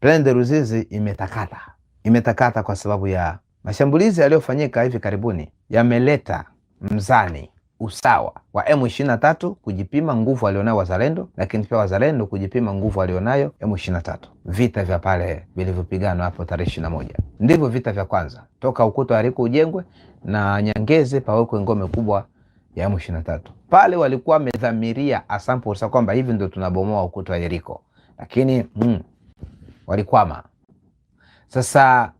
Plaine de Ruzizi imetakata, imetakata kwa sababu ya mashambulizi yaliyofanyika hivi karibuni yameleta mzani usawa wa M23 kujipima nguvu alionayo wazalendo, lakini pia wazalendo kujipima nguvu alionayo M23. Vita vya pale vilivyopiganwa hapo tarehe ishirini na moja ndivyo vita vya kwanza toka ukuta aliko ujengwe na Nyangezi pawekwe ngome kubwa ya M23. Pale walikuwa wamedhamiria asampulsa kwamba hivi ndio tunabomoa ukuta wa Yeriko, lakini mm, walikwama. Sasa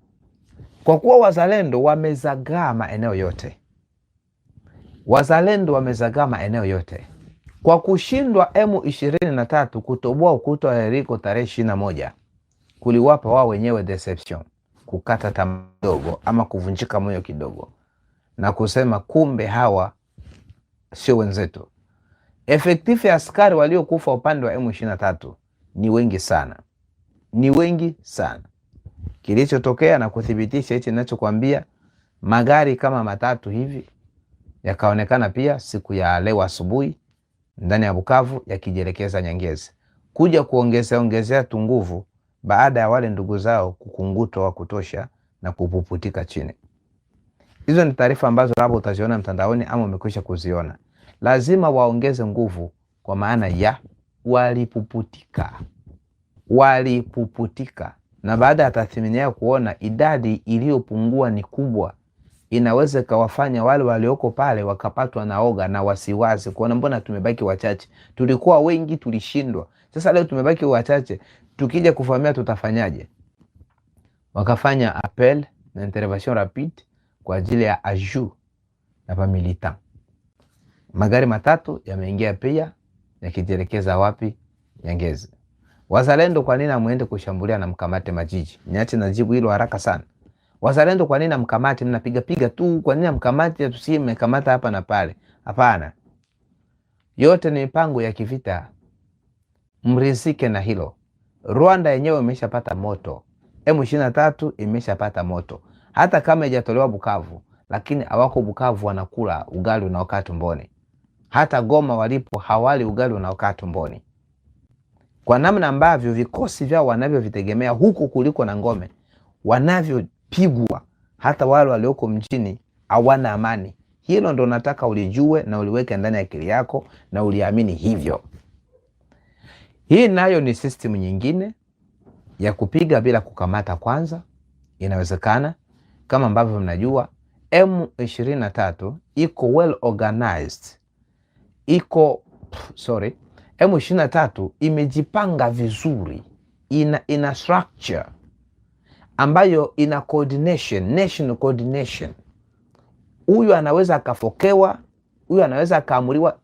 kwa kuwa wazalendo wamezagaa maeneo yote, wazalendo wamezagaa maeneo yote kwa kushindwa m ishirini na tatu kutoboa ukuta wa Yeriko tarehe ishirini na moja kuliwapa wao wenyewe deception, kukata tamaa kidogo ama kuvunjika moyo kidogo na kusema kumbe hawa sio wenzetu. Efektifu ya askari waliokufa upande wa m ishirini na tatu ni wengi sana ni wengi sana. Kilichotokea na kuthibitisha hichi ninachokwambia, magari kama matatu hivi yakaonekana pia siku ya leo asubuhi ndani ya Bukavu yakijielekeza Nyangezi kuja kuongezea ongezea tu nguvu baada ya wale ndugu zao kukungutwa wa kutosha na kupuputika chini. Hizo ni taarifa ambazo labda utaziona mtandaoni ama umekwisha kuziona. Lazima waongeze nguvu, kwa maana ya walipuputika walipuputika, na baada ya tathmini yao kuona idadi iliyopungua ni kubwa, inaweza ikawafanya wale walioko pale wakapatwa na oga na wasiwasi, kuona mbona tumebaki wachache? Tulikuwa wengi, tulishindwa, sasa leo tumebaki wachache, tukija kuvamia tutafanyaje? Wakafanya appel na intervention rapide kwa ajili ya aju na pamilita. Magari matatu yameingia pia yakijielekeza wapi? Nyangezi. Wazalendo kwa nini amwende kushambulia na mkamate Majiji? Niache na jibu hilo haraka sana. Wazalendo kwa nini amkamate? Mnapiga piga tu, kwa nini amkamate? Tusiye mmekamata hapa na pale. Hapana, yote ni mipango ya kivita, mrizike na hilo. Rwanda yenyewe imeshapata moto, M23 imeshapata moto, hata kama haijatolewa Bukavu, lakini awako Bukavu, wanakula ugali unaokaa tumboni. Hata Goma walipo hawali ugali unaokaa tumboni kwa namna ambavyo vikosi vyao wanavyovitegemea huku kuliko na ngome, wanavyopigwa hata wale walioko mjini hawana amani. Hilo ndo nataka ulijue na uliweke ndani ya akili yako na uliamini hivyo. Hii nayo ni system nyingine ya kupiga bila kukamata kwanza. Inawezekana kama ambavyo mnajua M23 iko well organized, iko sorry M23 imejipanga vizuri, ina, ina structure ambayo ina coordination, national coordination. Huyu anaweza akafokewa, huyu anaweza akaamuriwa.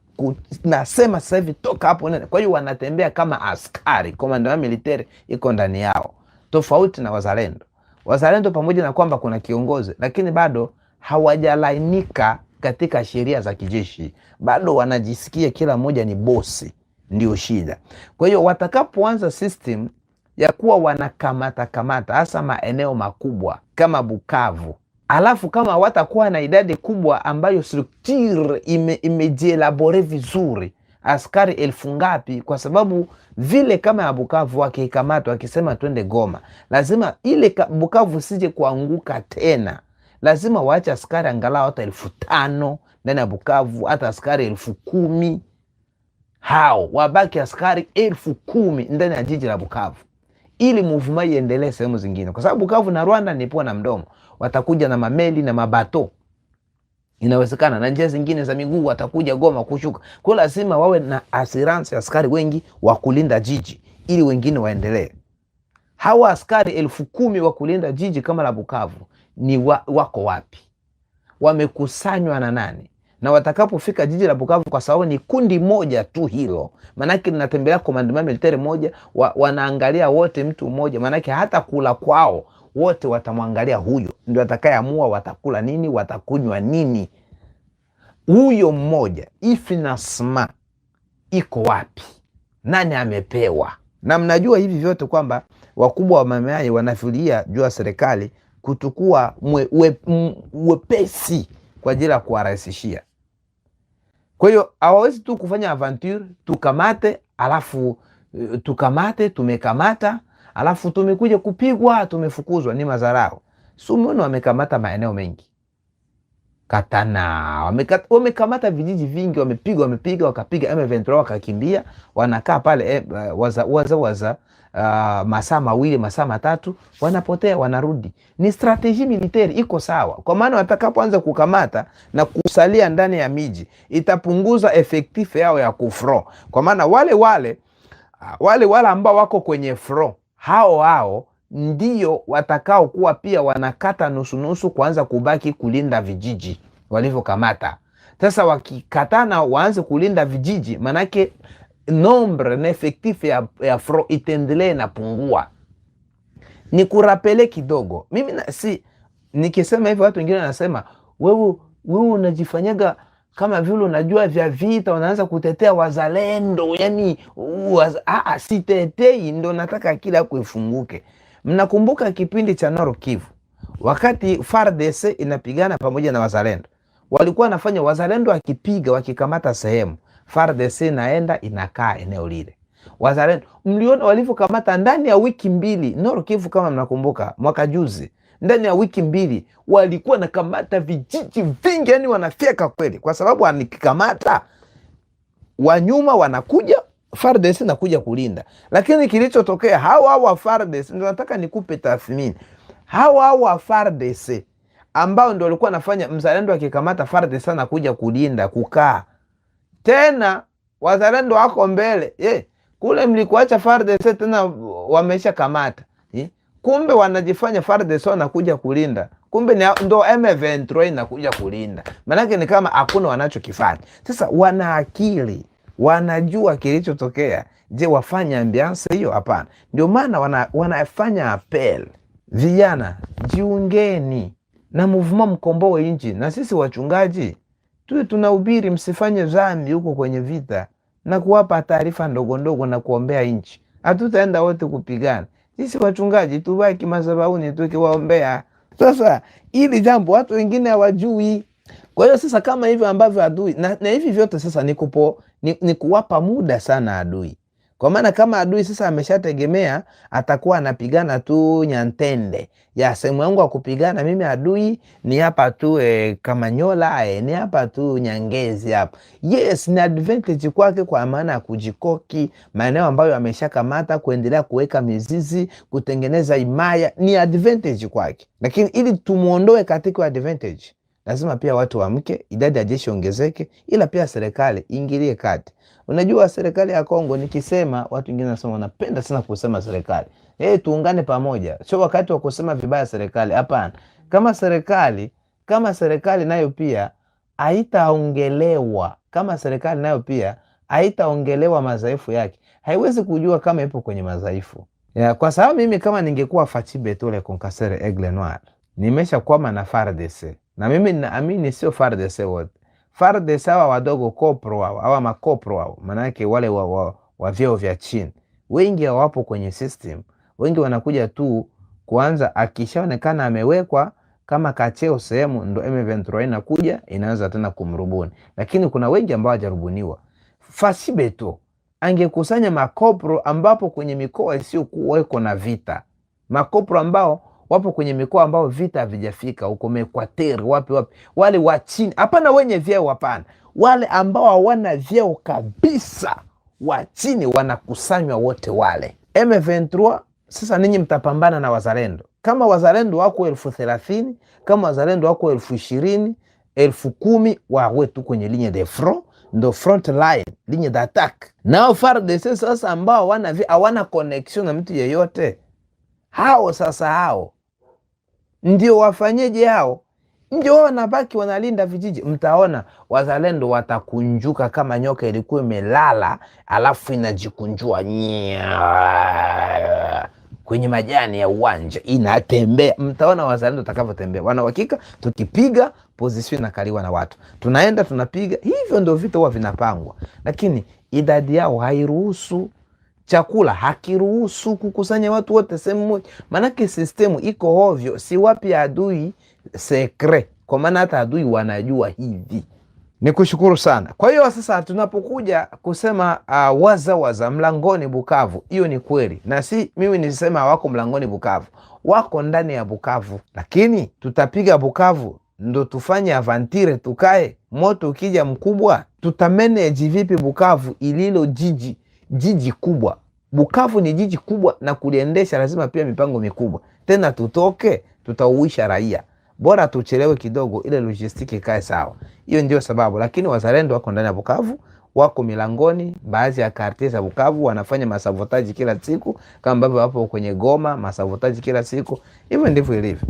Nasema sasa hivi toka hapo nene. Kwa hiyo wanatembea kama askari, komando ya military iko ndani yao, tofauti na wazalendo. Wazalendo pamoja na kwamba kuna kiongozi, lakini bado hawajalainika katika sheria za kijeshi, bado wanajisikia kila mmoja ni bosi ndio shida. Kwa hiyo watakapoanza system ya kuwa wanakamata kamata hasa maeneo makubwa kama Bukavu, alafu kama watakuwa na idadi kubwa ambayo structure ime, imejielabore vizuri askari elfu ngapi? Kwa sababu vile kama ya Bukavu wakiikamatwa wakisema twende Goma, lazima ile Bukavu sije kuanguka tena, lazima waache askari angalau hata elfu tano ndani ya Bukavu, hata askari elfu kumi hao wabaki askari elfu kumi ndani ya jiji la Bukavu ili muvuma iendelee sehemu zingine, kwa sababu Bukavu na Rwanda ni pua na mdomo. Watakuja na mameli na mabato, inawezekana na njia zingine za miguu, watakuja Goma kushuka kwa, lazima wawe na assurance askari wengi wa kulinda jiji ili wengine waendelee. Hawa askari elfu kumi wa kulinda jiji kama la Bukavu ni wa, wako wapi? Wamekusanywa na nani? na watakapofika jiji la Bukavu, kwa sababu ni kundi moja tu hilo, maanake linatembelea komandoma militaire moja wa, wanaangalia wote mtu mmoja, maanake hata kula kwao wote watamwangalia huyo, ndio atakayeamua watakula nini, watakunywa nini. Huyo mmoja ifinasma iko wapi, nani amepewa? Na mnajua hivi vyote kwamba wakubwa wa mamayai wanafilia juu ya serikali kutukua mwe, we, m, wepesi kwa ajili ya kuwarahisishia. Kwa hiyo hawawezi tu kufanya aventure tukamate, alafu eh, tukamate, tumekamata, alafu tumekuja kupigwa, tumefukuzwa. Ni madharau. umeona amekamata maeneo mengi. Katana wamekamata vijiji vingi, wamepiga wamepiga, wakapiga M23 wakakimbia, wanakaa pale e, waza waza, waza uh, masaa mawili masaa matatu, wanapotea wanarudi. Ni strateji militeri iko sawa, kwa maana watakapoanza kukamata na kusalia ndani ya miji itapunguza efektif yao ya kufro, kwa maana wale wale ah, wale wale ambao wako kwenye fro hao hao ndio watakaokuwa pia wanakata nusu nusu, kuanza kubaki kulinda vijiji walivyokamata. Sasa wakikatana waanze kulinda vijiji, manake nombre na efektif ya, ya fro itendelee na pungua. Ni kurapele kidogo. Mimi na, si nikisema hivyo watu wengine wanasema wewe wewe unajifanyaga kama vile unajua vya vita, unaanza kutetea wazalendo. Yani uh, sitetei, ndo nataka kila kuifunguke Mnakumbuka kipindi cha Nord Kivu wakati FARDC inapigana pamoja na wazalendo, walikuwa wanafanya wazalendo wakipiga wakikamata sehemu, FARDC inaenda inakaa eneo lile. Wazalendo mliona walivyokamata ndani ya wiki mbili Nord Kivu, kama mnakumbuka mwaka juzi, ndani ya wiki mbili walikuwa nakamata vijiji vingi, yani wanafyeka kweli, kwa sababu anikikamata wanyuma wanakuja FARDES nakuja kulinda, lakini kilichotokea hawa hawa FARDES, ndio nataka nikupe tathmini. Hawa hawa FARDES ambao ndio walikuwa nafanya mzalendo akikamata FARDES sana kuja kulinda kukaa tena, wazalendo wako mbele ye, kule mlikuacha FARDES tena wamesha kamata ye, kumbe wanajifanya FARDC wanakuja kulinda kumbe ndo M23 inakuja kulinda, maanake ni kama hakuna wanachokifanya. Sasa wana akili wanajua kilichotokea. Je, wafanya ambiance hiyo? Hapana. Ndio maana wana, wanafanya apel, vijana jiungeni na muvuma mkomboe nchi, na sisi wachungaji tuwe tunahubiri msifanye dhambi huko kwenye vita na kuwapa taarifa ndogo ndogo na kuombea nchi. Hatutaenda wote kupigana, sisi wachungaji tubaki madhabahuni tukiwaombea. Sasa hili jambo watu wengine hawajui. Kwa hiyo sasa kama hivyo ambavyo adui na, na hivi vyote sasa ni, kupo, ni, ni kuwapa muda sana adui, kwa maana kama adui sasa ameshategemea atakuwa anapigana tu nyantende ya sehemu yangu ya kupigana mimi adui ni hapa tu e, kama nyola e, ni hapa tu Nyangezi hapa. Yes, ni advantage kwake, kwa maana ya kujikoki maeneo ambayo ameshakamata, kuendelea kuweka mizizi, kutengeneza imaya, ni advantage kwake, lakini ili tumuondoe katika advantage lazima pia watu waamke, idadi ya jeshi ongezeke, ila pia serikali ingilie kati. Unajua serikali ya Kongo, nikisema watu wengine wanasema wanapenda sana kusema serikali eh, hey, tuungane pamoja. Sio wakati wa kusema vibaya serikali, hapana. Kama serikali kama serikali nayo pia haitaongelewa, kama serikali nayo pia haitaongelewa madhaifu yake, haiwezi kujua kama ipo kwenye madhaifu ya, kwa sababu mimi kama ningekuwa Fatibe Tole Konkasere Aigle Noir nimeshakwama na FARDC na mimi naamini sio FARDC wote. FARDC sawa wadogo kopro wao hawa makopro wao, manake wale wa, wa, wa vyeo vya chini wengi hawapo kwenye system, wengi wanakuja tu kuanza, akishaonekana amewekwa kama kacheo sehemu, ndo M23 inakuja inaanza tena kumrubuni, lakini kuna wengi ambao hajarubuniwa. Fasibeto angekusanya makopro ambapo kwenye mikoa isiyokuweko na vita, makopro ambao wapo kwenye mikoa ambao vita havijafika huko, Mekwater wapi wapi, wale wa chini, hapana wenye vyeo, hapana, wale ambao hawana vyeo kabisa, wa chini wanakusanywa wote wale. M23 sasa, ninyi mtapambana na wazalendo. Kama wazalendo wako elfu thelathini kama wazalendo wako elfu ishirini elfu kumi wawe tu kwenye linye de front, ndo front line linye de attack. Nao FARDC sasa ambao hawana connection na mtu yeyote, hao sasa hao ndio wafanyeje hao? Ndio wao wanabaki wanalinda vijiji. Mtaona wazalendo watakunjuka kama nyoka ilikuwa imelala alafu inajikunjua nyaa kwenye majani ya uwanja inatembea. Mtaona wazalendo watakavyotembea, wana uhakika tukipiga pozisio inakaliwa na watu, tunaenda tunapiga. Hivyo ndio vita huwa vinapangwa, lakini idadi yao hairuhusu chakula hakiruhusu kukusanya watu wote sehemu moja, maanake sistemu iko hovyo. Si wapi adui sekre, kwa maana hata adui wanajua hivi. Ni kushukuru sana. Kwa hiyo sasa tunapokuja kusema uh, waza waza mlangoni Bukavu, hiyo ni kweli, na si mimi nisema wako mlangoni Bukavu, wako ndani ya Bukavu, lakini tutapiga Bukavu ndo tufanye avantire, tukae moto ukija mkubwa, tutameneji vipi Bukavu ililo jiji jiji kubwa. Bukavu ni jiji kubwa, na kuliendesha lazima pia mipango mikubwa. Tena tutoke, tutauisha raia. Bora tuchelewe kidogo, ile logistiki ikae sawa. Hiyo ndio sababu, lakini wazalendo wako ndani ya Bukavu, wako milangoni, baadhi ya kartie za Bukavu wanafanya masavotaji kila siku, kama ambavyo wapo kwenye Goma masavotaji kila siku. Hivyo ndivyo ilivyo.